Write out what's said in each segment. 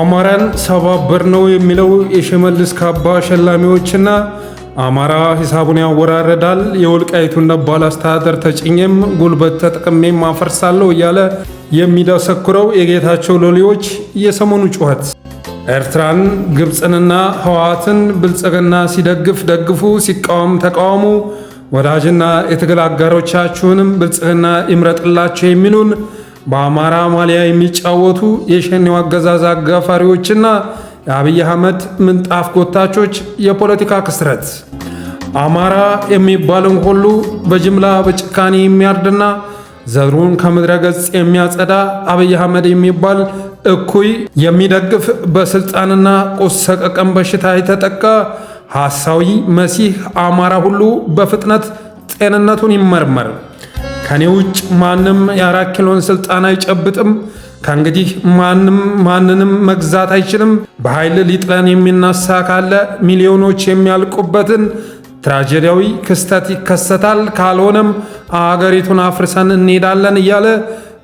አማራን ሰባበር ነው የሚለው የሽመልስ ካባ ሸላሚዎችና አማራ ሂሳቡን ያወራረዳል የወልቃይቱን ነባል አስተዳደር ተጭኜም ጉልበት ተጠቅሜም ማፈርሳለሁ እያለ የሚደሰኩረው የጌታቸው ሎሌዎች የሰሞኑ ጩኸት ኤርትራን ግብፅንና ህወሓትን ብልጽግና ሲደግፍ ደግፉ፣ ሲቃወም ተቃወሙ፣ ወዳጅና የትግል አጋሮቻችሁንም ብልጽግና ይምረጥላቸው የሚሉን በአማራ ማሊያ የሚጫወቱ የሸኔው አገዛዝ አጋፋሪዎችና የአብይ አህመድ ምንጣፍ ጎታቾች የፖለቲካ ክስረት አማራ የሚባልን ሁሉ በጅምላ በጭካኔ የሚያርድና ዘሩን ከምድረ ገጽ የሚያጸዳ አብይ አህመድ የሚባል እኩይ የሚደግፍ በስልጣንና ቁስ ሰቀቀን በሽታ የተጠቃ ሐሳዊ መሲህ አማራ ሁሉ በፍጥነት ጤንነቱን ይመርመር። ከኔ ውጭ ማንም የአራት ኪሎን ስልጣን አይጨብጥም። ከእንግዲህ ማንም ማንንም መግዛት አይችልም። በኃይል ሊጥለን የሚነሳ ካለ ሚሊዮኖች የሚያልቁበትን ትራጀዲያዊ ክስተት ይከሰታል። ካልሆነም አገሪቱን አፍርሰን እንሄዳለን እያለ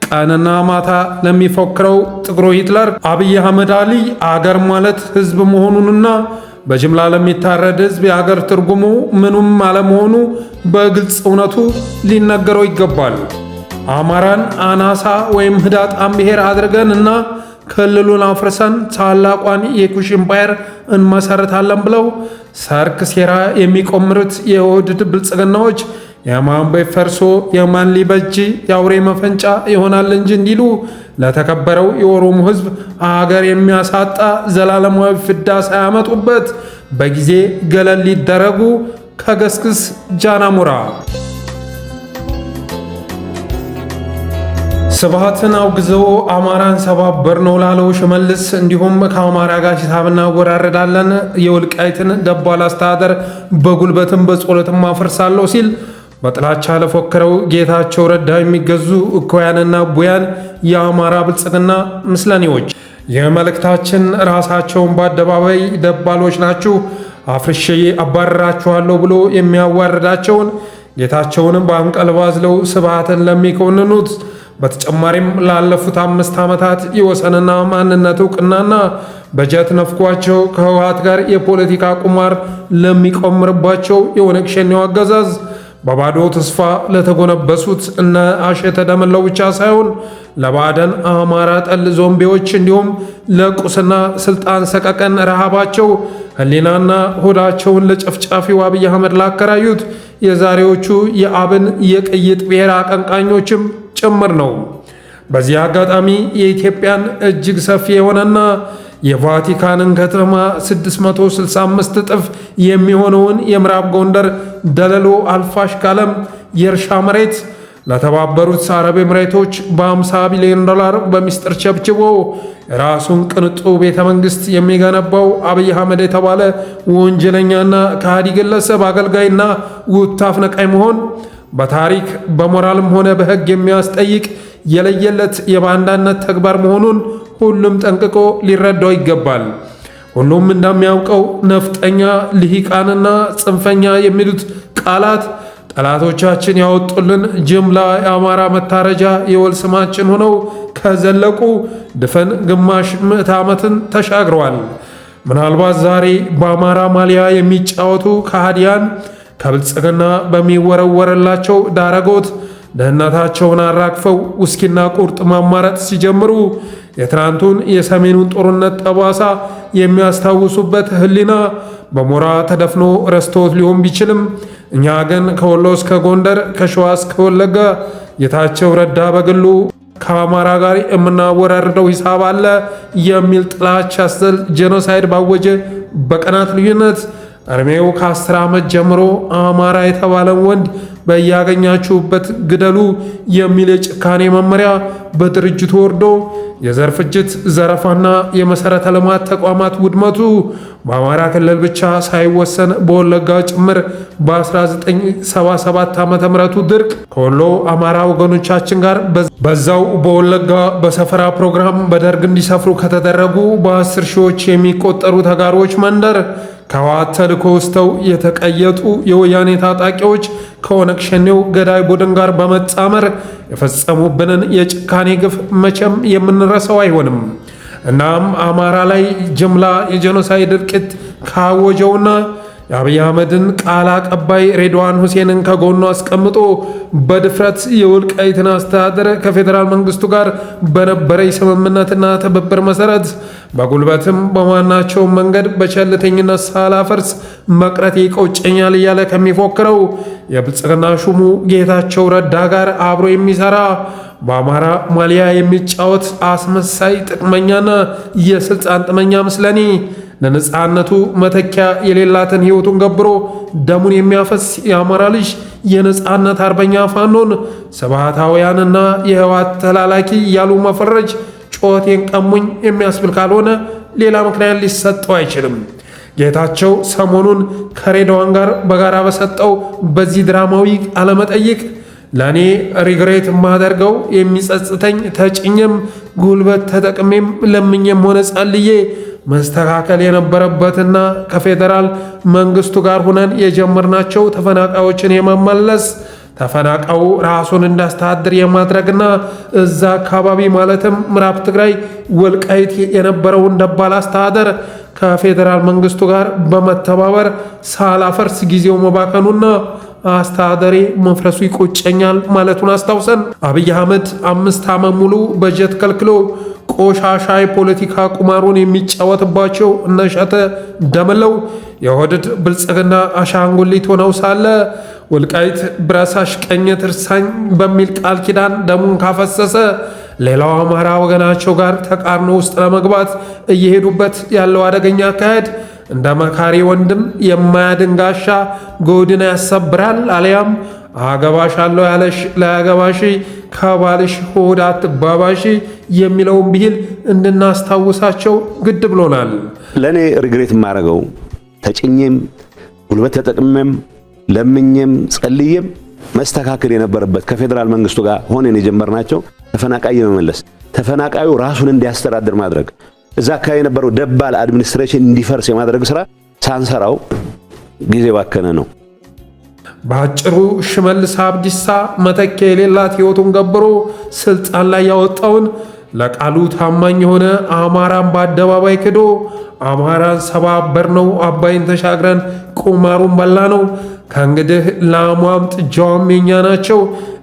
ቀንና ማታ ለሚፎክረው ጥቁሩ ሂትለር አብይ አህመድ አሊ አገር ማለት ህዝብ መሆኑንና በጅምላ ለሚታረድ ህዝብ የሀገር ትርጉሙ ምኑም አለመሆኑ በግልጽ እውነቱ ሊነገረው ይገባል። አማራን አናሳ ወይም ህዳጣን ብሔር አድርገን እና ክልሉን አፍርሰን ታላቋን የኩሽ ኢምፓየር እንመሰርታለን ብለው ሰርክ ሴራ የሚቆምሩት የውህድድ ብልጽግናዎች የማን ቤት ፈርሶ የማን ሊበጅ የአውሬ መፈንጫ ይሆናል እንጂ እንዲሉ ለተከበረው የኦሮሞ ሕዝብ አገር የሚያሳጣ ዘላለማዊ ፍዳ ሳያመጡበት በጊዜ ገለል ሊደረጉ ከገስግስ ጃናሞራ ስብሃትን አውግዘው አማራን ሰባበር ነው ላለው ሽመልስ እንዲሁም ከአማራ ጋር ሂሳብ እናወራረዳለን የወልቃይትን ደባል አስተዳደር በጉልበትም በጸሎትም አፈርሳለሁ ሲል በጥላቻ ለፎከረው ጌታቸው ረዳ የሚገዙ እኮያንና ቡያን የአማራ ብልጽግና ምስለኔዎች የመልእክታችን ራሳቸውን በአደባባይ ደባሎች ናችሁ አፍርሼ አባረራችኋለሁ ብሎ የሚያዋርዳቸውን ጌታቸውንም በአንቀልባዝለው ስብሃትን ለሚኮንኑት በተጨማሪም ላለፉት አምስት ዓመታት የወሰንና ማንነት እውቅናና በጀት ነፍኳቸው ከህወሓት ጋር የፖለቲካ ቁማር ለሚቆምርባቸው የኦነግ ሸኔው አገዛዝ በባዶ ተስፋ ለተጎነበሱት እነ አሸተ ደምለው ብቻ ሳይሆን ለባደን አማራ ጠል ዞምቤዎች እንዲሁም ለቁስና ስልጣን ሰቀቀን ረሃባቸው ህሊናና ሆዳቸውን ለጨፍጫፊው አብይ አህመድ ላከራዩት የዛሬዎቹ የአብን የቅይጥ ብሔር አቀንቃኞችም ጭምር ነው። በዚህ አጋጣሚ የኢትዮጵያን እጅግ ሰፊ የሆነና የቫቲካንን ከተማ 665 እጥፍ የሚሆነውን የምዕራብ ጎንደር ደለሎ አልፋሽ ካለም የእርሻ መሬት ለተባበሩት አረብ ኤምሬቶች በ50 ቢሊዮን ዶላር በሚስጥር ቸብችቦ ራሱን ቅንጡ ቤተ መንግሥት የሚገነባው አብይ አህመድ የተባለ ወንጀለኛና ከሃዲ ግለሰብ አገልጋይና ውታፍ ነቃይ መሆን በታሪክ በሞራልም ሆነ በሕግ የሚያስጠይቅ የለየለት የባንዳነት ተግባር መሆኑን ሁሉም ጠንቅቆ ሊረዳው ይገባል። ሁሉም እንደሚያውቀው ነፍጠኛ፣ ልሂቃንና ጽንፈኛ የሚሉት ቃላት ጠላቶቻችን ያወጡልን ጅምላ የአማራ መታረጃ የወል ስማችን ሆነው ከዘለቁ ድፈን ግማሽ ምዕት ዓመትን ተሻግረዋል። ምናልባት ዛሬ በአማራ ማሊያ የሚጫወቱ ከሃዲያን ከብልጽግና በሚወረወረላቸው ዳረጎት ደህንነታቸውን አራግፈው ውስኪና ቁርጥ ማማረጥ ሲጀምሩ የትናንቱን የሰሜኑን ጦርነት ጠባሳ የሚያስታውሱበት ህሊና በሞራ ተደፍኖ ረስቶት ሊሆን ቢችልም እኛ ግን ከወሎ እስከ ጎንደር ከሸዋ እስከ ወለጋ ጌታቸው ረዳ በግሉ ከአማራ ጋር የምናወራርደው ሂሳብ አለ የሚል ጥላቻ አዘል ጄኖሳይድ ባወጀ በቀናት ልዩነት እድሜው ከአስር ዓመት ጀምሮ አማራ የተባለን ወንድ በያገኛችሁበት ግደሉ የሚል የጭካኔ መመሪያ በድርጅቱ ወርዶ የዘር ፍጅት፣ ዘረፋና የመሠረተ ልማት ተቋማት ውድመቱ በአማራ ክልል ብቻ ሳይወሰን በወለጋ ጭምር በ1977 ዓ ም ድርቅ ከወሎ አማራ ወገኖቻችን ጋር በዛው በወለጋ በሰፈራ ፕሮግራም በደርግ እንዲሰፍሩ ከተደረጉ በአስር ሺዎች የሚቆጠሩ ተጋሮች መንደር ከህወሓት ተልዕኮ የተቀየጡ የወያኔ ታጣቂዎች ከኦነግ ሸኔው ገዳይ ቡድን ጋር በመጣመር የፈጸሙብንን የጭካኔ ግፍ መቼም የምንረሰው አይሆንም። እናም አማራ ላይ ጅምላ የጀኖሳይድ እልቂት ካወጀውና የአብይ አህመድን ቃል አቀባይ ሬድዋን ሁሴንን ከጎኑ አስቀምጦ በድፍረት የወልቃይትን አስተዳደር ከፌዴራል መንግስቱ ጋር በነበረ ስምምነትና ትብብር መሰረት በጉልበትም በማናቸውም መንገድ በቸልተኝነት ሳላፈርስ መቅረቴ ይቆጨኛል እያለ ከሚፎክረው የብልጽግና ሹሙ ጌታቸው ረዳ ጋር አብሮ የሚሰራ በአማራ ማሊያ የሚጫወት አስመሳይ ጥቅመኛና የስልጣን ጥመኛ ምስለኔ ለነፃነቱ መተኪያ የሌላትን ሕይወቱን ገብሮ ደሙን የሚያፈስ የአማራ ልጅ የነፃነት አርበኛ ፋኖን ሰባታውያንና የህወሓት ተላላኪ እያሉ መፈረጅ ጩኸቴን ቀሙኝ የሚያስብል ካልሆነ ሌላ ምክንያት ሊሰጠው አይችልም። ጌታቸው ሰሞኑን ከሬድዋን ጋር በጋራ በሰጠው በዚህ ድራማዊ ቃለመጠይቅ ለእኔ ሪግሬት ማደርገው የሚጸጽተኝ ተጭኜም ጉልበት ተጠቅሜም ለምኜም ሆነ ጸልዬ መስተካከል የነበረበትና ከፌዴራል መንግስቱ ጋር ሁነን የጀመርናቸው ተፈናቃዮችን የመመለስ ተፈናቃዩ ራሱን እንዳስተዳድር የማድረግና እዛ አካባቢ ማለትም ምዕራብ ትግራይ ወልቃይት የነበረውን ደባል አስተዳደር ከፌዴራል መንግስቱ ጋር በመተባበር ሳላፈርስ ጊዜው መባከኑና አስተዳደሬ መፍረሱ ይቆጨኛል ማለቱን አስታውሰን አብይ አህመድ አምስት ዓመት ሙሉ በጀት ከልክሎ ቆሻሻ የፖለቲካ ቁማሩን የሚጫወትባቸው እነሸተ ደምለው የወደድ ብልጽግና አሻንጉሊት ሆነው ሳለ ወልቃይት ብራሳሽ ቀኝ ትርሳኝ በሚል ቃል ኪዳን ደሙን ካፈሰሰ ሌላው አማራ ወገናቸው ጋር ተቃርኖ ውስጥ ለመግባት እየሄዱበት ያለው አደገኛ አካሄድ እንደ መካሪ ወንድም የማያድን ጋሻ ጎድን ያሰብራል፣ አልያም አገባሻለሁ ያለሽ ላያገባሽ ከባልሽ ሆድ አትባባሽ የሚለውን ብሂል እንድናስታውሳቸው ግድ ብሎናል። ለእኔ ሪግሬት የማደርገው ተጭኜም ጉልበት ተጠቅሜም ለምኜም ጸልዬም መስተካከል የነበረበት ከፌዴራል መንግስቱ ጋር ሆነን የጀመርናቸው ተፈናቃይ የመመለስ ተፈናቃዩ ራሱን እንዲያስተዳድር ማድረግ እዛ አካባቢ የነበረው ደባል አድሚኒስትሬሽን እንዲፈርስ የማድረግ ስራ ሳንሰራው ጊዜ ባከነ ነው። በአጭሩ ሽመልስ አብዲሳ መተኪያ የሌላት ህይወቱን ገብሮ ስልጣን ላይ ያወጣውን ለቃሉ ታማኝ የሆነ አማራን በአደባባይ ክዶ አማራን ሰባበር ነው። አባይን ተሻግረን ቁማሩን በላ ነው። ከእንግዲህ ላሟም ጥጃዋም የኛ ናቸው።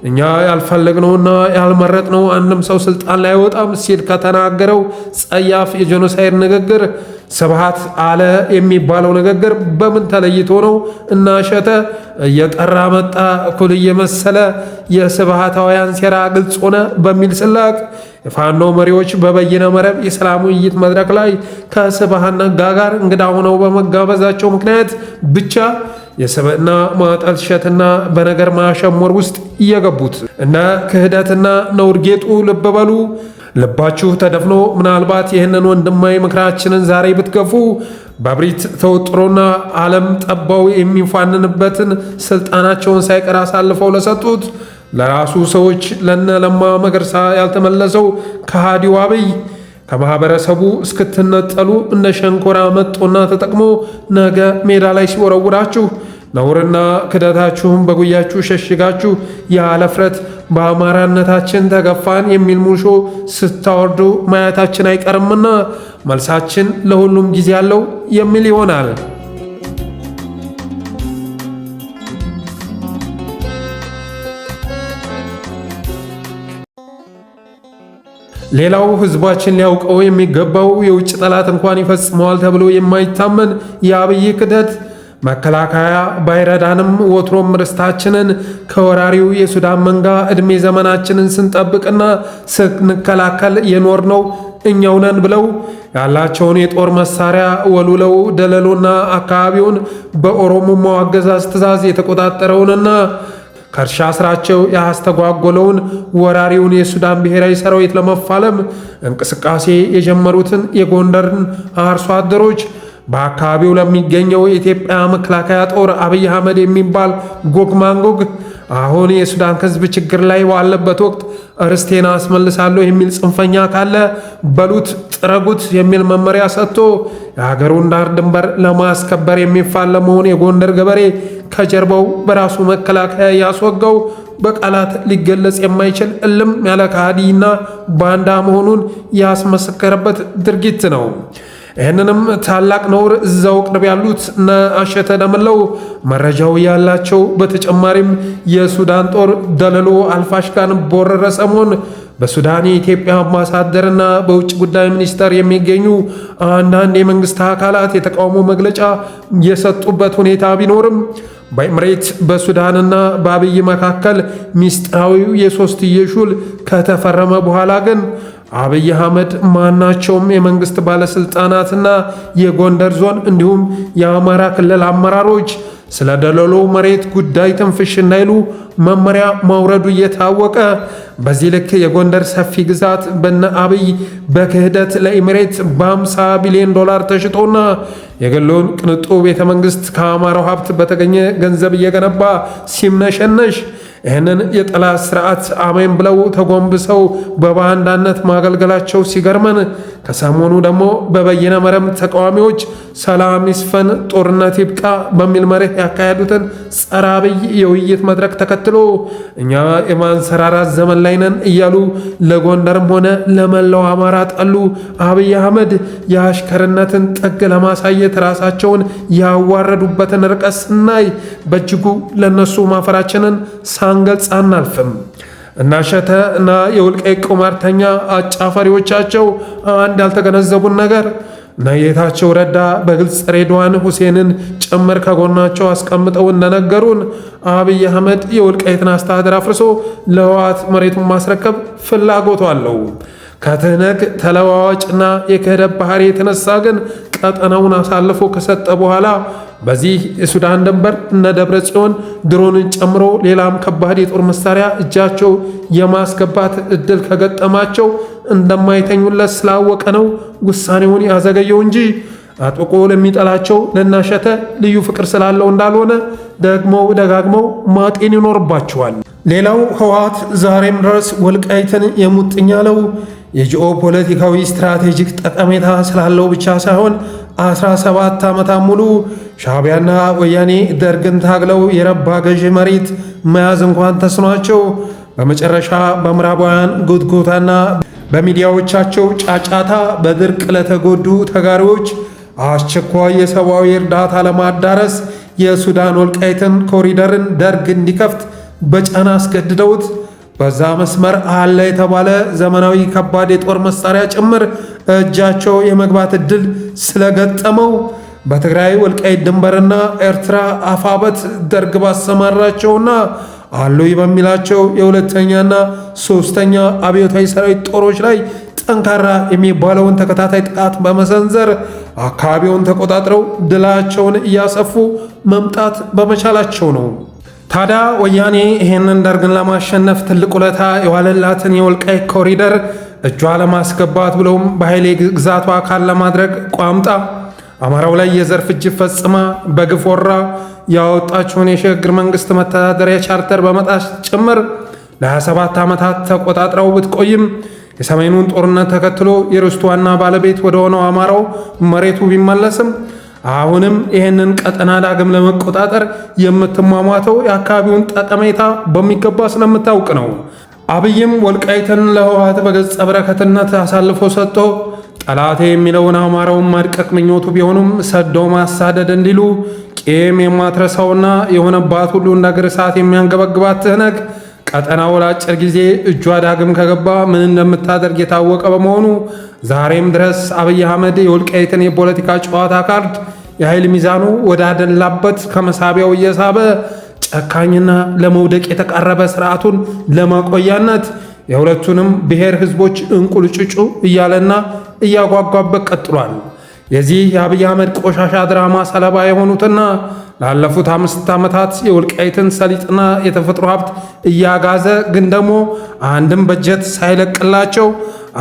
እኛ ያልፈለግነውና ያልመረጥነው አንድም ሰው ስልጣን ላይ አይወጣም ሲል ከተናገረው ጸያፍ የጀኖሳይድ ንግግር ስብሃት አለ የሚባለው ንግግር በምን ተለይቶ ነው? እናሸተ እየጠራ መጣ እኩል እየመሰለ የስብሃታውያን ሴራ ግልጽ ሆነ በሚል ስላቅ የፋኖ መሪዎች በበይነ መረብ የሰላም ውይይት መድረክ ላይ ከስብሐ ከሃና ጋር እንግዳ ሆነው በመጋበዛቸው ምክንያት ብቻ የሰብዕና ማጠልሸትና በነገር ማሸሞር ውስጥ እየገቡት እና ክህደትና ነውር ጌጡ ልብ በሉ። ልባችሁ ተደፍኖ ምናልባት ይህንን ወንድማዊ ምክራችንን ዛሬ ብትገፉ በብሪት ተወጥሮና ዓለም ጠባው የሚፋንንበትን ስልጣናቸውን ሳይቀር አሳልፈው ለሰጡት ለራሱ ሰዎች ለነ ለማ መገርሳ ያልተመለሰው ከሃዲው አብይ ከማህበረሰቡ እስክትነጠሉ እንደ ሸንኮራ መጦና ተጠቅሞ ነገ ሜዳ ላይ ሲወረውራችሁ ነውርና ክደታችሁን በጉያችሁ ሸሽጋችሁ ያለ በአማራነታችን ተገፋን የሚል ሙሾ ስታወርዱ ማየታችን አይቀርምና መልሳችን ለሁሉም ጊዜ ያለው የሚል ይሆናል። ሌላው ህዝባችን ሊያውቀው የሚገባው የውጭ ጠላት እንኳን ይፈጽመዋል ተብሎ የማይታመን የአብይ ክደት መከላከያ ባይረዳንም ወትሮም ርስታችንን ከወራሪው የሱዳን መንጋ ዕድሜ ዘመናችንን ስንጠብቅና ስንከላከል የኖርነው እኛው ነን ብለው ያላቸውን የጦር መሳሪያ ወልውለው ደለሎና አካባቢውን በኦሮሞማው አገዛዝ ትእዛዝ የተቆጣጠረውንና ከእርሻ ስራቸው ያስተጓጎለውን ወራሪውን የሱዳን ብሔራዊ ሰራዊት ለመፋለም እንቅስቃሴ የጀመሩትን የጎንደርን አርሶ አደሮች በአካባቢው ለሚገኘው የኢትዮጵያ መከላከያ ጦር አብይ አህመድ የሚባል ጎግ ማንጎግ አሁን የሱዳን ሕዝብ ችግር ላይ ባለበት ወቅት ርስቴን አስመልሳለሁ የሚል ጽንፈኛ ካለ በሉት ጥረጉት የሚል መመሪያ ሰጥቶ የሀገሩን ዳር ድንበር ለማስከበር የሚፋለመውን የጎንደር ገበሬ ከጀርባው በራሱ መከላከያ ያስወጋው በቃላት ሊገለጽ የማይችል እልም ያለ ከሃዲና ባንዳ መሆኑን ያስመሰከረበት ድርጊት ነው። ይህንንም ታላቅ ነውር እዛው ቅርብ ያሉት እነ አሸተ ደምለው መረጃው ያላቸው በተጨማሪም የሱዳን ጦር ደለሎ አልፋሽጋን በወረረ ሰሞን በሱዳን የኢትዮጵያ አምባሳደርና በውጭ ጉዳይ ሚኒስቴር የሚገኙ አንዳንድ የመንግስት አካላት የተቃውሞ መግለጫ የሰጡበት ሁኔታ ቢኖርም በኤምሬት በሱዳንና በአብይ መካከል ሚስጥራዊው የሶስትዮሽ ውል ከተፈረመ በኋላ ግን አብይ አህመድ ማናቸውም የመንግሥት ባለሥልጣናትና የጎንደር ዞን እንዲሁም የአማራ ክልል አመራሮች ስለ ደለሎ መሬት ጉዳይ ትንፍሽ እንዳይሉ መመሪያ ማውረዱ እየታወቀ በዚህ ልክ የጎንደር ሰፊ ግዛት በነ አብይ በክህደት ለኢምሬት በ50 ቢሊዮን ዶላር ተሽጦና የግሉን ቅንጡ ቤተ መንግሥት ከአማራው ሀብት በተገኘ ገንዘብ እየገነባ ሲምነሸነሽ ይህንን የጠላት ስርዓት አሜን ብለው ተጎንብሰው በባንዳነት ማገልገላቸው ሲገርመን፣ ከሰሞኑ ደግሞ በበይነ መረብ ተቃዋሚዎች ሰላም ይስፈን ጦርነት ይብቃ በሚል መርህ ያካሄዱትን ጸረ አብይ የውይይት መድረክ ተከትሎ እኛ የማንሰራራት ዘመን ላይ ነን እያሉ ለጎንደርም ሆነ ለመላው አማራ ጠሉ። አብይ አህመድ የአሽከርነትን ጥግ ለማሳየት ራሳቸውን ያዋረዱበትን ርቀት ስናይ በእጅጉ ለነሱ ማፈራችንን ሳን ሳንገልጽ አናልፍም። እና ሸተ እና የወልቃይት ቁማርተኛ አጫፋሪዎቻቸው አንድ ያልተገነዘቡን ነገር ጌታቸው ረዳ በግልጽ ሬድዋን ሁሴንን ጭምር ከጎናቸው አስቀምጠው እንደነገሩን አብይ አህመድ የወልቃይትን አስተዳደር አፍርሶ ለህወሓት መሬቱን ማስረከብ ፍላጎቱ አለው። ከትህነግ ተለዋዋጭና የክህደት ባህሪ የተነሳ ግን ቀጠናውን አሳልፎ ከሰጠ በኋላ በዚህ የሱዳን ድንበር እነ ደብረ ጽዮን ድሮንን ጨምሮ ሌላም ከባድ የጦር መሳሪያ እጃቸው የማስገባት እድል ከገጠማቸው እንደማይተኙለት ስላወቀ ነው ውሳኔውን ያዘገየው እንጂ አጥብቆ ለሚጠላቸው ለናሸተ ልዩ ፍቅር ስላለው እንዳልሆነ ደግሞ ደጋግመው ማጤን ይኖርባቸዋል። ሌላው ህወሓት ዛሬም ድረስ ወልቃይትን የሙጥኝ ያለው የጂኦፖለቲካዊ ስትራቴጂክ ጠቀሜታ ስላለው ብቻ ሳይሆን 17 ዓመታት ሙሉ ሻዕቢያና ወያኔ ደርግን ታግለው የረባ ገዢ መሬት መያዝ እንኳን ተስኗቸው በመጨረሻ በምዕራባውያን ጉትጎታና በሚዲያዎቻቸው ጫጫታ በድርቅ ለተጎዱ ተጋሪዎች አስቸኳይ የሰብአዊ እርዳታ ለማዳረስ የሱዳን ወልቃይትን ኮሪደርን ደርግ እንዲከፍት በጫና አስገድደውት በዛ መስመር አለ የተባለ ዘመናዊ ከባድ የጦር መሳሪያ ጭምር እጃቸው የመግባት እድል ስለገጠመው በትግራይ ወልቃይት ድንበርና ኤርትራ አፋበት ደርግ ባሰማራቸውና አሉይ በሚላቸው የሁለተኛና ሶስተኛ አብዮታዊ ሰራዊት ጦሮች ላይ ጠንካራ የሚባለውን ተከታታይ ጥቃት በመሰንዘር አካባቢውን ተቆጣጥረው ድላቸውን እያሰፉ መምጣት በመቻላቸው ነው። ታዲያ ወያኔ ይህንን ደርግን ለማሸነፍ ትልቅ ውለታ የዋለላትን የወልቃይ ኮሪደር እጇ ለማስገባት ብለውም በኃይሌ ግዛቷ አካል ለማድረግ ቋምጣ አማራው ላይ የዘር ፍጅት ፈጽማ በግፍ ወራ ያወጣችውን የሽግግር መንግስት መተዳደሪያ ቻርተር በመጣስ ጭምር ለ27 ዓመታት ተቆጣጥረው ብትቆይም የሰሜኑን ጦርነት ተከትሎ የርስቱ ዋና ባለቤት ወደ ሆነው አማራው መሬቱ ቢመለስም አሁንም ይህንን ቀጠና ዳግም ለመቆጣጠር የምትሟሟተው የአካባቢውን ጠቀሜታ በሚገባ ስለምታውቅ ነው። አብይም ወልቃይትን ለህወሓት በገጸ በረከትነት አሳልፎ ሰጥቶ ጠላቴ የሚለውን አማራውን ማድቀቅ ምኞቱ ቢሆኑም ሰደው ማሳደድ እንዲሉ ቄም የማትረሳውና የሆነባት ሁሉ እንደ እግር እሳት የሚያንገበግባት ትህነግ ቀጠናው ለአጭር ጊዜ እጇ ዳግም ከገባ ምን እንደምታደርግ የታወቀ በመሆኑ ዛሬም ድረስ አብይ አህመድ የወልቃይትን የፖለቲካ ጨዋታ ካርድ የኃይል ሚዛኑ ወዳደላበት ከመሳቢያው እየሳበ ጨካኝና ለመውደቅ የተቃረበ ስርዓቱን ለማቆያነት የሁለቱንም ብሔር ህዝቦች እንቁልጭጩ እያለና እያጓጓበት ቀጥሏል። የዚህ የአብይ አህመድ ቆሻሻ ድራማ ሰለባ የሆኑትና ላለፉት አምስት ዓመታት የወልቃይትን ሰሊጥና የተፈጥሮ ሀብት እያጋዘ ግን ደግሞ አንድም በጀት ሳይለቅላቸው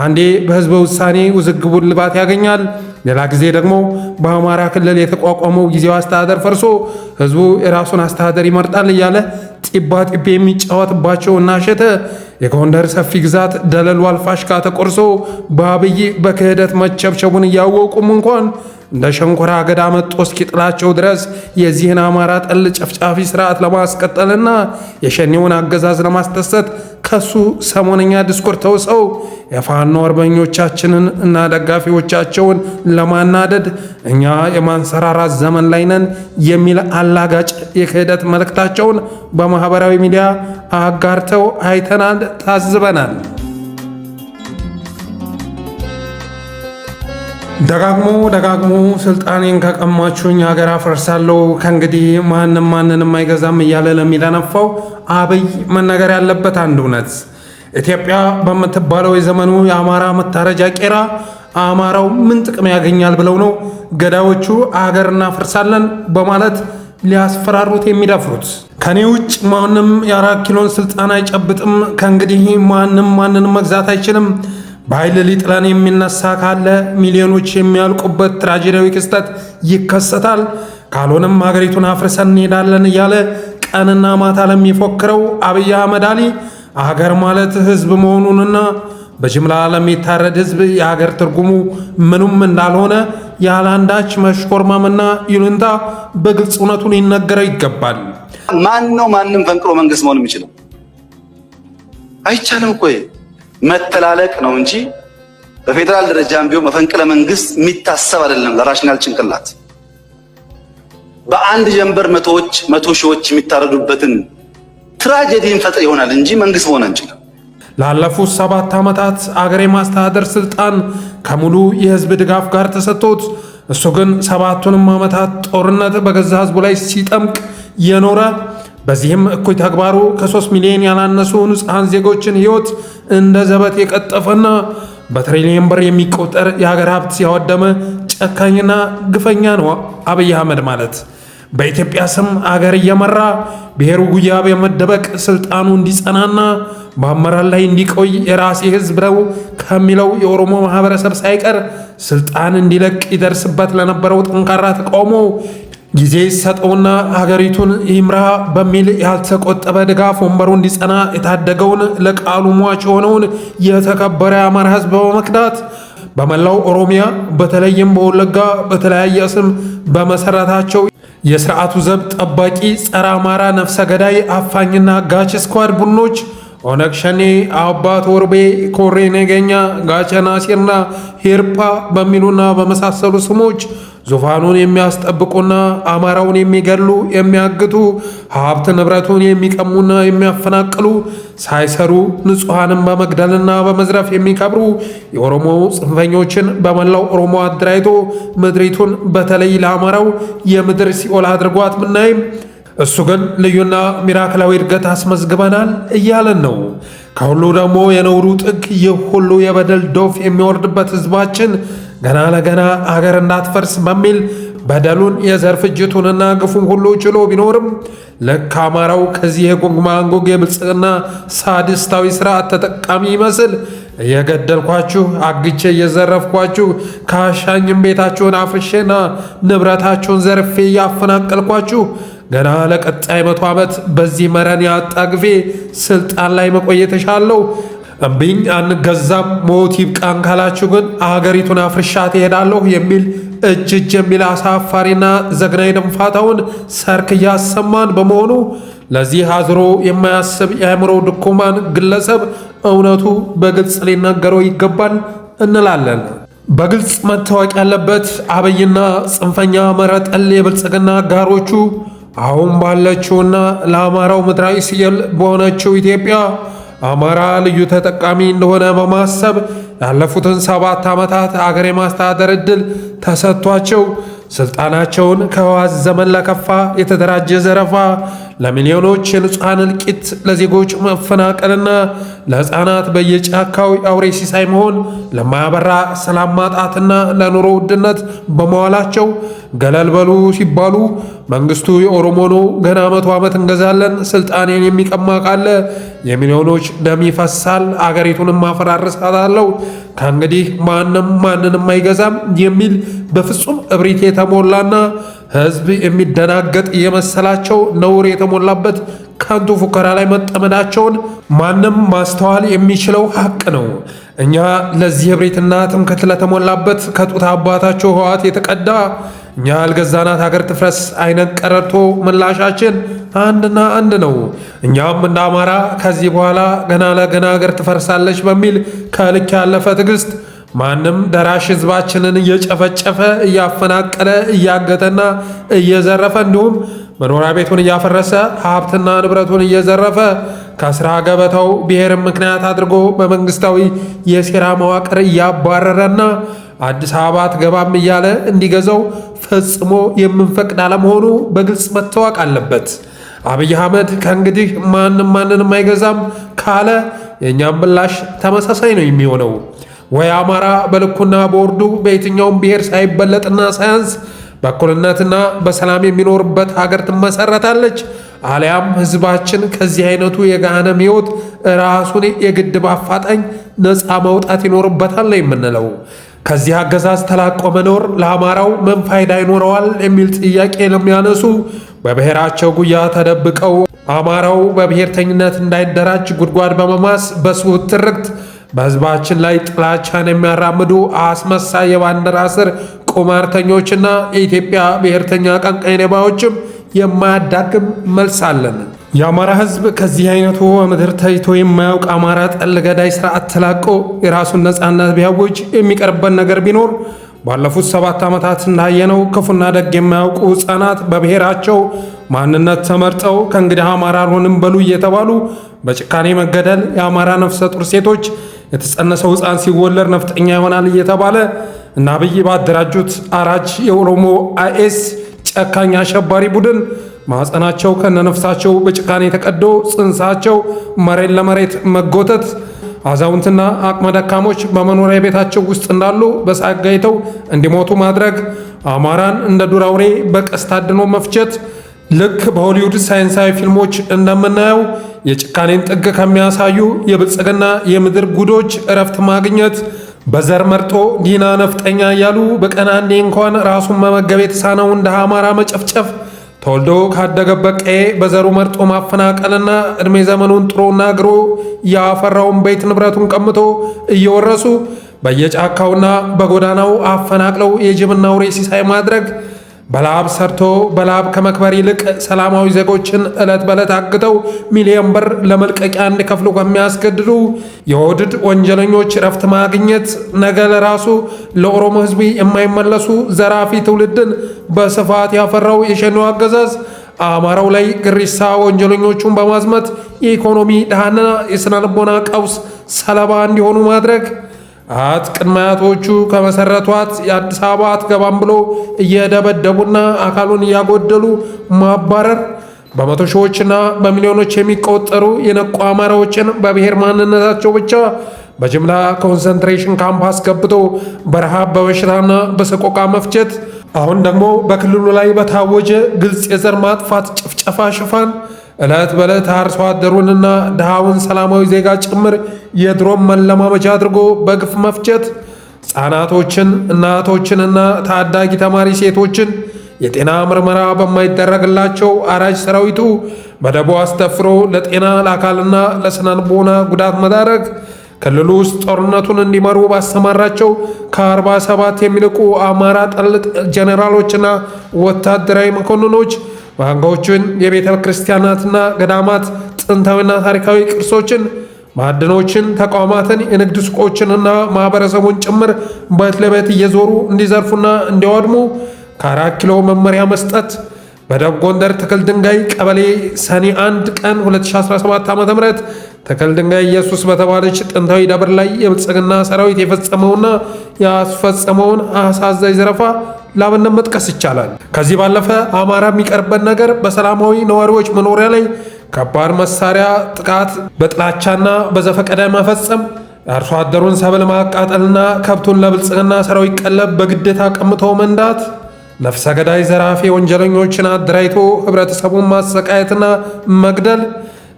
አንዴ በህዝበ ውሳኔ ውዝግቡን ልባት ያገኛል፣ ሌላ ጊዜ ደግሞ በአማራ ክልል የተቋቋመው ጊዜያዊ አስተዳደር ፈርሶ ህዝቡ የራሱን አስተዳደር ይመርጣል እያለ ጢባ ጢቤ የሚጫወትባቸው እናሸተ የጎንደር ሰፊ ግዛት ደለሉ አልፋሽካ ተቆርሶ በአብይ በክህደት መቸብቸቡን እያወቁም እንኳን እንደ ሸንኮራ አገዳ መጦ እስኪጥላቸው ድረስ የዚህን አማራ ጠል ጨፍጫፊ ስርዓት ለማስቀጠልና የሸኔውን አገዛዝ ለማስደሰት ከሱ ሰሞነኛ ዲስኩር ተውሰው የፋኖ አርበኞቻችንን እና ደጋፊዎቻቸውን ለማናደድ እኛ የማንሰራራት ዘመን ላይ ነን የሚል አላጋጭ የክህደት መልእክታቸውን በማኅበራዊ ሚዲያ አጋርተው አይተናል፣ ታዝበናል። ደጋግሞ ደጋግሞ ስልጣኔን ከቀማችሁኝ ሀገር አፈርሳለሁ ከእንግዲህ ማንም ማንንም አይገዛም እያለ ለሚለነፋው አብይ መነገር ያለበት አንድ እውነት ኢትዮጵያ በምትባለው የዘመኑ የአማራ መታረጃ ቄራ አማራው ምን ጥቅም ያገኛል ብለው ነው ገዳዮቹ አገር እናፈርሳለን በማለት ሊያስፈራሩት የሚደፍሩት። ከኔ ውጭ ማንም የአራት ኪሎን ስልጣን አይጨብጥም፣ ከእንግዲህ ማንም ማንን መግዛት አይችልም፣ በኃይል ሊጥለን የሚነሳ ካለ ሚሊዮኖች የሚያልቁበት ትራጀዲያዊ ክስተት ይከሰታል፣ ካልሆነም ሀገሪቱን አፍርሰን እንሄዳለን እያለ ቀንና ማታ ለሚፎክረው አብይ አህመድ አሊ አገር ማለት ህዝብ መሆኑንና በጅምላ ለሚታረድ ህዝብ የሀገር ትርጉሙ ምኑም እንዳልሆነ ያለአንዳች መሽኮርማምና ይሉንታ በግልጽ እውነቱ ይነገረው ይገባል። ማን ነው ማንም ፈንቅሎ መንግስት መሆን የሚችለው? አይቻልም እኮ መተላለቅ ነው እንጂ በፌዴራል ደረጃም ቢሆን መፈንቅለ መንግስት የሚታሰብ አይደለም። ለራሽናል ጭንቅላት በአንድ ጀንበር መቶዎች መቶ ሺዎች የሚታረዱበትን ትራጀዲ ፈጥር ይሆናል እንጂ መንግስት መሆን አንችልም። ላለፉት ሰባት ዓመታት አገር የማስተዳደር ስልጣን ከሙሉ የህዝብ ድጋፍ ጋር ተሰጥቶት እሱ ግን ሰባቱንም ዓመታት ጦርነት በገዛ ህዝቡ ላይ ሲጠምቅ የኖረ በዚህም እኩይ ተግባሩ ከ3 ሚሊዮን ያላነሱ ንጹሐን ዜጎችን ህይወት እንደ ዘበት የቀጠፈና በትሪሊየን ብር የሚቆጠር የሀገር ሀብት ያወደመ ጨካኝና ግፈኛ ነው አብይ አህመድ ማለት። በኢትዮጵያ ስም አገር እየመራ ብሔሩ ጉያ በመደበቅ ስልጣኑ እንዲጸናና በአመራር ላይ እንዲቆይ የራሴ ህዝብ ነው ከሚለው የኦሮሞ ማህበረሰብ ሳይቀር ስልጣን እንዲለቅ ይደርስበት ለነበረው ጠንካራ ተቃውሞ ጊዜ ይሰጠውና ሀገሪቱን ይምራ በሚል ያልተቆጠበ ድጋፍ ወንበሩ እንዲጸና የታደገውን ለቃሉ ሟች የሆነውን የተከበረ የአማራ ህዝብ በመክዳት በመላው ኦሮሚያ በተለይም በወለጋ በተለያየ ስም በመሰረታቸው የስርዓቱ ዘብ ጠባቂ ጸረ አማራ ነፍሰ ገዳይ አፋኝና ጋች ስኳድ ቡድኖች ኦነግ ሸኔ አባት ወርቤ ኮሬ ነገኛ ጋቸና ሲርና ሄርፓ በሚሉና በመሳሰሉ ስሞች ዙፋኑን የሚያስጠብቁና አማራውን የሚገሉ የሚያግቱ ሀብት ንብረቱን የሚቀሙና የሚያፈናቅሉ ሳይሰሩ ንጹሐንን በመግደልና በመዝረፍ የሚከብሩ የኦሮሞ ጽንፈኞችን በመላው ኦሮሞ አደራጅቶ ምድሪቱን በተለይ ለአማራው የምድር ሲኦል አድርጓት ምናይም እሱ ግን ልዩና ሚራክላዊ እድገት አስመዝግበናል እያለን ነው። ከሁሉ ደግሞ የነውሩ ጥግ ይህ ሁሉ የበደል ዶፍ የሚወርድበት ህዝባችን ገና ለገና አገር እንዳትፈርስ በሚል በደሉን የዘር ፍጅቱንና ግፉን ሁሉ ችሎ ቢኖርም ልክ አማራው ከዚህ የጎንግ ማንጎግ የብልጽግና ሳድስታዊ ስርዓት ተጠቃሚ ይመስል እየገደልኳችሁ አግቼ እየዘረፍኳችሁ ከአሻኝም ቤታችሁን አፍርሼና ንብረታችሁን ዘርፌ እያፈናቀልኳችሁ ገና ለቀጣይ መቶ ዓመት በዚህ መረን ያጣ ጊዜ ስልጣን ላይ መቆየት እሻለሁ። እምቢኝ አንገዛም፣ ሞት ይብቃን ካላችሁ ግን አገሪቱን አፍርሻ ትሄዳለሁ የሚል እጅ እጅ የሚል አሳፋሪና ዘግናኝ ድንፋታውን ሰርክ እያሰማን በመሆኑ ለዚህ አዝሮ የማያስብ የአእምሮ ድኩማን ግለሰብ እውነቱ በግልጽ ሊነገረው ይገባል እንላለን። በግልጽ መታወቅ ያለበት አብይና ጽንፈኛ መረጠል የብልጽግና ጋሮቹ አሁን ባለችውና ለአማራው ምድራዊ ስየል በሆነችው ኢትዮጵያ አማራ ልዩ ተጠቃሚ እንደሆነ በማሰብ ያለፉትን ሰባት ዓመታት አገር የማስተዳደር ዕድል ተሰጥቷቸው ስልጣናቸውን ከህወሓት ዘመን ለከፋ የተደራጀ ዘረፋ ለሚሊዮኖች የንጹሐን እልቂት፣ ለዜጎች መፈናቀልና ለሕፃናት በየጫካው አውሬ ሲሳይ መሆን፣ ለማያበራ ሰላም ማጣትና ለኑሮ ውድነት በመዋላቸው ገለል በሉ ሲባሉ መንግስቱ የኦሮሞ ነው፣ ገና መቶ ዓመት እንገዛለን፣ ስልጣኔን የሚቀማ ካለ የሚሊዮኖች ደም ይፈሳል፣ አገሪቱንም አፈራርሳታለሁ፣ ከእንግዲህ ማንም ማንንም አይገዛም የሚል በፍጹም እብሪት የተሞላና ህዝብ የሚደናገጥ የመሰላቸው ነውር የተሞላበት ከንቱ ፉከራ ላይ መጠመዳቸውን ማንም ማስተዋል የሚችለው ሀቅ ነው። እኛ ለዚህ እብሪትና ትምክህት ለተሞላበት ከጡት አባታቸው ህወሓት የተቀዳ እኛ ያልገዛናት ሀገር ትፍረስ አይነት ቀረርቶ ምላሻችን አንድና አንድ ነው። እኛም እንደ አማራ ከዚህ በኋላ ገና ለገና ሀገር ትፈርሳለች በሚል ከልክ ያለፈ ትዕግስት ማንም ደራሽ ህዝባችንን እየጨፈጨፈ እያፈናቀለ እያገተና እየዘረፈ እንዲሁም መኖሪያ ቤቱን እያፈረሰ ሀብትና ንብረቱን እየዘረፈ ከስራ ገበታው ብሔርን ምክንያት አድርጎ በመንግስታዊ የሴራ መዋቅር እያባረረና አዲስ አበባ ትገባም እያለ እንዲገዛው ፈጽሞ የምንፈቅድ አለመሆኑ በግልጽ መታወቅ አለበት። አብይ አህመድ ከእንግዲህ ማንም ማንንም አይገዛም ካለ የእኛም ምላሽ ተመሳሳይ ነው የሚሆነው። ወይ አማራ በልኩና በወርዱ በየትኛውም ብሔር ሳይበለጥና ሳያንስ በእኩልነትና በሰላም የሚኖርበት ሀገር ትመሰረታለች። አሊያም ህዝባችን ከዚህ አይነቱ የገሃነም ህይወት ራሱን የግድብ አፋጣኝ ነፃ መውጣት ይኖርበታል የምንለው ከዚህ አገዛዝ ተላቆ መኖር ለአማራው ምን ፋይዳ ይኖረዋል የሚል ጥያቄ ለሚያነሱ በብሔራቸው ጉያ ተደብቀው አማራው በብሔርተኝነት እንዳይደራጅ ጉድጓድ በመማስ በስሁት ትርክት በህዝባችን ላይ ጥላቻን የሚያራምዱ አስመሳይ የባንዲራ ስር ቁማርተኞችና የኢትዮጵያ ብሔርተኛ ቀንቃይ ነባዎችም የማያዳግም መልስ አለን። የአማራ ህዝብ ከዚህ አይነቱ ምድር ተይቶ የማያውቅ አማራ ጠል ገዳይ ስርዓት ተላቆ የራሱን ነጻነት ቢያውጅ የሚቀርበን ነገር ቢኖር ባለፉት ሰባት ዓመታት እንዳየነው ክፉና ደግ የማያውቁ ህፃናት በብሔራቸው ማንነት ተመርጠው ከእንግዲህ አማራ አልሆንም በሉ እየተባሉ በጭካኔ መገደል፣ የአማራ ነፍሰ ጡር ሴቶች የተጸነሰው ህፃን ሲወለድ ነፍጠኛ ይሆናል እየተባለ እና አብይ ባደራጁት አራጅ የኦሮሞ አይኤስ ጨካኝ አሸባሪ ቡድን ማኅፀናቸው ከነነፍሳቸው በጭካኔ ተቀዶ ጽንሳቸው መሬት ለመሬት መጎተት አዛውንትና አቅመ ደካሞች በመኖሪያ ቤታቸው ውስጥ እንዳሉ በሳት ጋይተው እንዲሞቱ ማድረግ፣ አማራን እንደ ዱር አውሬ በቀስት አድኖ መፍጀት ልክ በሆሊውድ ሳይንሳዊ ፊልሞች እንደምናየው የጭካኔን ጥግ ከሚያሳዩ የብልጽግና የምድር ጉዶች እረፍት ማግኘት በዘር መርጦ ዲና ነፍጠኛ እያሉ በቀን አንዴ እንኳን ራሱን መመገብ የተሳነው እንደ አማራ መጨፍጨፍ፣ ተወልዶ ካደገበት ቀዬ በዘሩ መርጦ ማፈናቀልና ዕድሜ ዘመኑን ጥሮና ግሮ ያፈራውን ቤት ንብረቱን ቀምቶ እየወረሱ በየጫካውና በጎዳናው አፈናቅለው የጅብና ውሬ ሲሳይ ማድረግ በላብ ሰርቶ በላብ ከመክበር ይልቅ ሰላማዊ ዜጎችን ዕለት በዕለት አግተው ሚሊዮን ብር ለመልቀቂያ እንዲከፍሉ ከሚያስገድዱ የወድድ ወንጀለኞች ረፍት ማግኘት ነገ ለራሱ ለኦሮሞ ሕዝብ የማይመለሱ ዘራፊ ትውልድን በስፋት ያፈራው የሸኔው አገዛዝ አማራው ላይ ግሪሳ ወንጀለኞቹን በማዝመት የኢኮኖሚ ድሃና የስነልቦና ቀውስ ሰለባ እንዲሆኑ ማድረግ አት ቅድመ አያቶቹ ከመሰረቷት የአዲስ አበባ አትገባም ብሎ እየደበደቡና አካሉን እያጎደሉ ማባረር በመቶ ሺዎችና በሚሊዮኖች የሚቆጠሩ የነቁ አማራዎችን በብሔር ማንነታቸው ብቻ በጅምላ ኮንሰንትሬሽን ካምፕ አስገብቶ በረሃብ በበሽታና በሰቆቃ መፍጀት፣ አሁን ደግሞ በክልሉ ላይ በታወጀ ግልጽ የዘር ማጥፋት ጭፍጨፋ ሽፋን ዕለት በዕለት አርሶ አደሩንና ድሃውን ሰላማዊ ዜጋ ጭምር የድሮም መለማመጃ አድርጎ በግፍ መፍጨት፣ ሕፃናቶችን እናቶችንና ታዳጊ ተማሪ ሴቶችን የጤና ምርመራ በማይደረግላቸው አራጅ ሰራዊቱ በደቦ አስተፍሮ ለጤና ለአካልና ለስነልቦና ጉዳት መዳረግ ክልሉ ውስጥ ጦርነቱን እንዲመሩ ባሰማራቸው ከ47 የሚልቁ አማራ ጠል ጄኔራሎችና ወታደራዊ መኮንኖች ባንጎቹን የቤተ ክርስቲያናትና ገዳማት ጥንታዊና ታሪካዊ ቅርሶችን፣ ማዕድኖችን፣ ተቋማትን፣ የንግድ ሱቆችንና ማህበረሰቡን ጭምር ቤት ለበት እየዞሩ እንዲዘርፉና እንዲያወድሙ ከአራት ኪሎ መመሪያ መስጠት በደቡብ ጎንደር ተክል ድንጋይ ቀበሌ ሰኔ 1 ቀን 2017 ዓ ም ተክል ድንጋይ ኢየሱስ በተባለች ጥንታዊ ደብር ላይ የብልጽግና ሰራዊት የፈጸመውና ያስፈጸመውን አሳዛኝ ዘረፋ ላብነት መጥቀስ ይቻላል። ከዚህ ባለፈ አማራ የሚቀርበት ነገር በሰላማዊ ነዋሪዎች መኖሪያ ላይ ከባድ መሳሪያ ጥቃት በጥላቻና በዘፈቀደ መፈጸም አርሶ አደሩን ሰብል ማቃጠልና ከብቱን ለብልጽግና ሰራዊት ቀለብ በግዴታ ቀምቶ መንዳት፣ ነፍሰ ገዳይ ዘራፊ ወንጀለኞችን አደራጅቶ ህብረተሰቡን ማሰቃየትና መግደል፣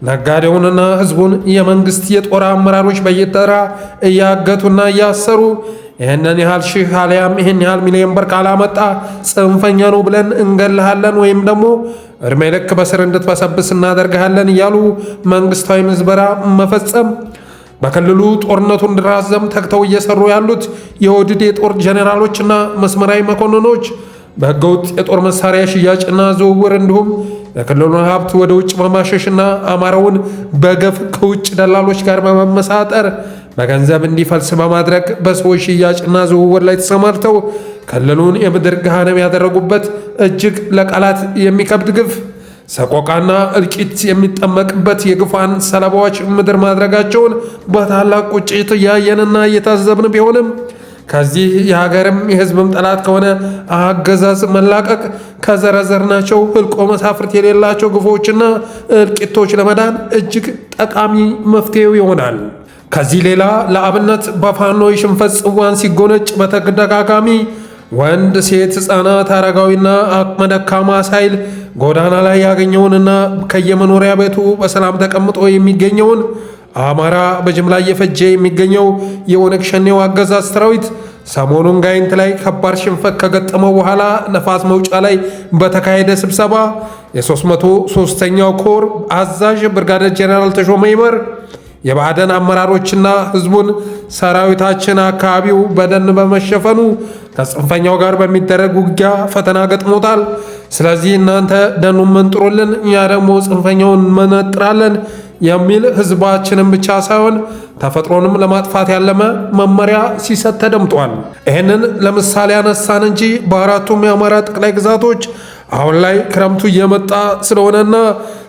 ነጋዴውንና ህዝቡን የመንግስት የጦር አመራሮች በየተራ እያገቱና እያሰሩ ይህንን ያህል ሺህ አሊያም ይህን ያህል ሚሊዮን ብር ካላመጣ ጽንፈኛ ነው ብለን እንገልሃለን ወይም ደግሞ እድሜ ልክ በስር እንድትበሰብስ እናደርግሃለን እያሉ መንግስታዊ ምዝበራ መፈጸም በክልሉ ጦርነቱ እንዲራዘም ተግተው እየሰሩ ያሉት የወድድ የጦር ጄኔራሎችና መስመራዊ መኮንኖች በህገወጥ የጦር መሳሪያ ሽያጭና ዝውውር እንዲሁም የክልሉን ሀብት ወደ ውጭ በማሸሽና አማራውን በገፍ ከውጭ ደላሎች ጋር በመመሳጠር በገንዘብ እንዲፈልስ በማድረግ በሰዎች ሽያጭና ዝውውር ላይ ተሰማርተው ክልሉን የምድር ገሃነም ያደረጉበት እጅግ ለቃላት የሚከብድ ግፍ ሰቆቃና እልቂት የሚጠመቅበት የግፋን ሰለባዎች ምድር ማድረጋቸውን በታላቅ ቁጭት እያየንና እየታዘብን ቢሆንም ከዚህ የሀገርም የሕዝብም ጠላት ከሆነ አገዛዝ መላቀቅ ከዘረዘርናቸው እልቆ መሳፍርት የሌላቸው ግፎችና እልቂቶች ለመዳን እጅግ ጠቃሚ መፍትሄው ይሆናል። ከዚህ ሌላ ለአብነት በፋኖ የሽንፈት ጽዋን ሲጎነጭ በተደጋጋሚ ወንድ፣ ሴት፣ ሕፃናት፣ አረጋዊና አቅመ ደካማ ሳይል ጎዳና ላይ ያገኘውንና ከየመኖሪያ ቤቱ በሰላም ተቀምጦ የሚገኘውን አማራ በጅምላ እየፈጀ የሚገኘው የኦነግ ሸኔው አገዛዝ ሰራዊት ሰሞኑን ጋይንት ላይ ከባድ ሽንፈት ከገጠመው በኋላ ነፋስ መውጫ ላይ በተካሄደ ስብሰባ የ303ኛው ኮር አዛዥ ብርጋዴር ጄኔራል ተሾመ ይመር የባዕደን አመራሮችና ህዝቡን ሰራዊታችን አካባቢው በደን በመሸፈኑ ከጽንፈኛው ጋር በሚደረግ ውጊያ ፈተና ገጥሞታል። ስለዚህ እናንተ ደኑን መንጥሮልን፣ እኛ ደግሞ ጽንፈኛውን መነጥራለን የሚል ህዝባችንን ብቻ ሳይሆን ተፈጥሮንም ለማጥፋት ያለመ መመሪያ ሲሰጥ ተደምጧል። ይህንን ለምሳሌ አነሳን እንጂ በአራቱም የአማራ ጠቅላይ ግዛቶች አሁን ላይ ክረምቱ እየመጣ ስለሆነና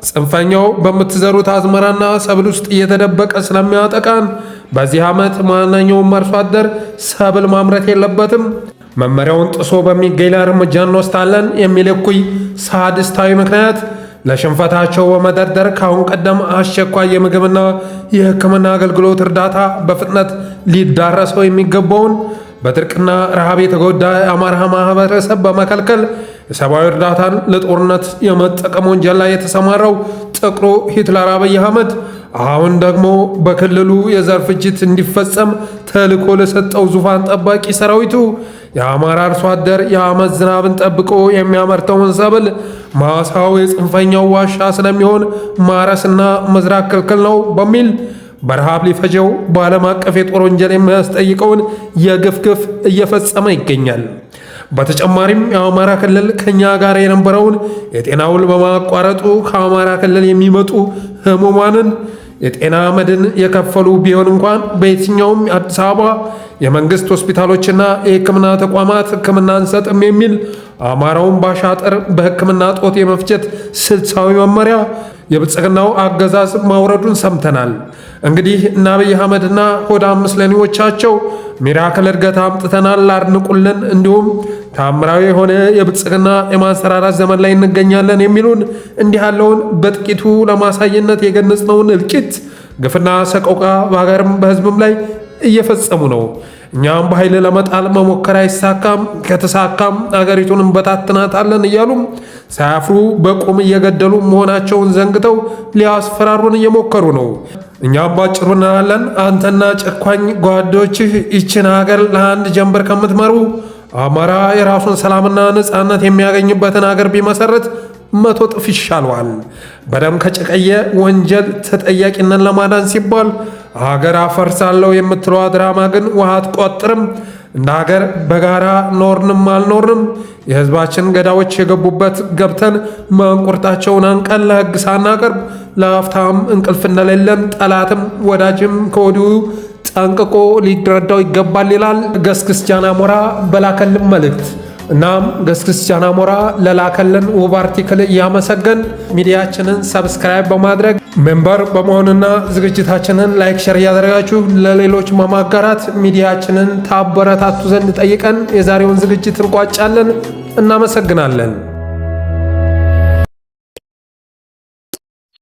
ጽንፈኛው በምትዘሩት አዝመራና ሰብል ውስጥ እየተደበቀ ስለሚያጠቃን በዚህ ዓመት ማናኛውም አርሶ አደር ሰብል ማምረት የለበትም መመሪያውን ጥሶ በሚገኝ ላይ እርምጃ እንወስዳለን የሚል እኩይ ሳድስታዊ ምክንያት ለሽንፈታቸው በመደርደር ከአሁን ቀደም አስቸኳይ የምግብና የሕክምና አገልግሎት እርዳታ በፍጥነት ሊዳረሰው የሚገባውን በድርቅና ረሃብ የተጎዳ የአማራ ማህበረሰብ በመከልከል የሰብአዊ እርዳታን ለጦርነት የመጠቀም ወንጀል ላይ የተሰማራው ጥቁሩ ሂትለር አብይ አህመድ አሁን ደግሞ በክልሉ የዘር ፍጅት እንዲፈጸም ተልዕኮ ለሰጠው ዙፋን ጠባቂ ሰራዊቱ የአማራ አርሶ አደር የአመት ዝናብን ጠብቆ የሚያመርተውን ሰብል ማሳው የጽንፈኛው ዋሻ ስለሚሆን ማረስና መዝራት ክልክል ነው በሚል በረሃብ ሊፈጀው በዓለም አቀፍ የጦር ወንጀል የሚያስጠይቀውን የግፍ ግፍ እየፈጸመ ይገኛል። በተጨማሪም የአማራ ክልል ከኛ ጋር የነበረውን የጤና ውል በማቋረጡ ከአማራ ክልል የሚመጡ ህሙማንን የጤና መድን የከፈሉ ቢሆን እንኳን በየትኛውም አዲስ አበባ የመንግስት ሆስፒታሎችና የህክምና ተቋማት ህክምና አንሰጥም የሚል አማራውን ባሻጥር በህክምና ጦት የመፍጀት ስልታዊ መመሪያ የብልጽግናው አገዛዝ ማውረዱን ሰምተናል። እንግዲህ እነ አብይ አህመድና ሆዳም ምስለኔዎቻቸው ሚራክል እድገት አምጥተናል አድንቁልን፣ እንዲሁም ታምራዊ የሆነ የብልጽግና የማንሰራራት ዘመን ላይ እንገኛለን የሚሉን እንዲህ ያለውን በጥቂቱ ለማሳየነት የገነጽነውን እልቂት፣ ግፍና ሰቆቃ በሀገርም በህዝብም ላይ እየፈጸሙ ነው። እኛም በኃይል ለመጣል መሞከር አይሳካም፣ ከተሳካም አገሪቱን እንበታትናታለን እያሉ ሳያፍሩ በቁም እየገደሉ መሆናቸውን ዘንግተው ሊያስፈራሩን እየሞከሩ ነው። እኛም ባጭሩ እናላለን፣ አንተና ጨኳኝ ጓዶችህ ይችን ሀገር ለአንድ ጀንበር ከምትመሩ አማራ የራሱን ሰላምና ነፃነት የሚያገኝበትን አገር ቢመሰረት መቶ ጥፍ ይሻለዋል። በደም ከጨቀየ ወንጀል ተጠያቂነን ለማዳን ሲባል ሀገር አፈርሳለሁ የምትለው ድራማ ግን ውሃ አትቆጥርም። እንደ ሀገር በጋራ ኖርንም አልኖርንም የህዝባችን ገዳዎች የገቡበት ገብተን መንቁርጣቸውን አንቀን ለህግ ሳናቀርብ ለአፍታም እንቅልፍ እንደሌለን ጠላትም ወዳጅም ከወዲሁ ጠንቅቆ ሊረዳው ይገባል ይላል ገስግስ ጃን አሞራ በላከልም መልእክት። እናም ገስግስጃን አሞራ ለላከልን ውብ አርቲክል እያመሰገን ሚዲያችንን ሰብስክራይብ በማድረግ ሜምበር በመሆንና ዝግጅታችንን ላይክ፣ ሸር እያደረጋችሁ ለሌሎች በማጋራት ሚዲያችንን ታበረታቱ ዘንድ ጠይቀን የዛሬውን ዝግጅት እንቋጫለን። እናመሰግናለን።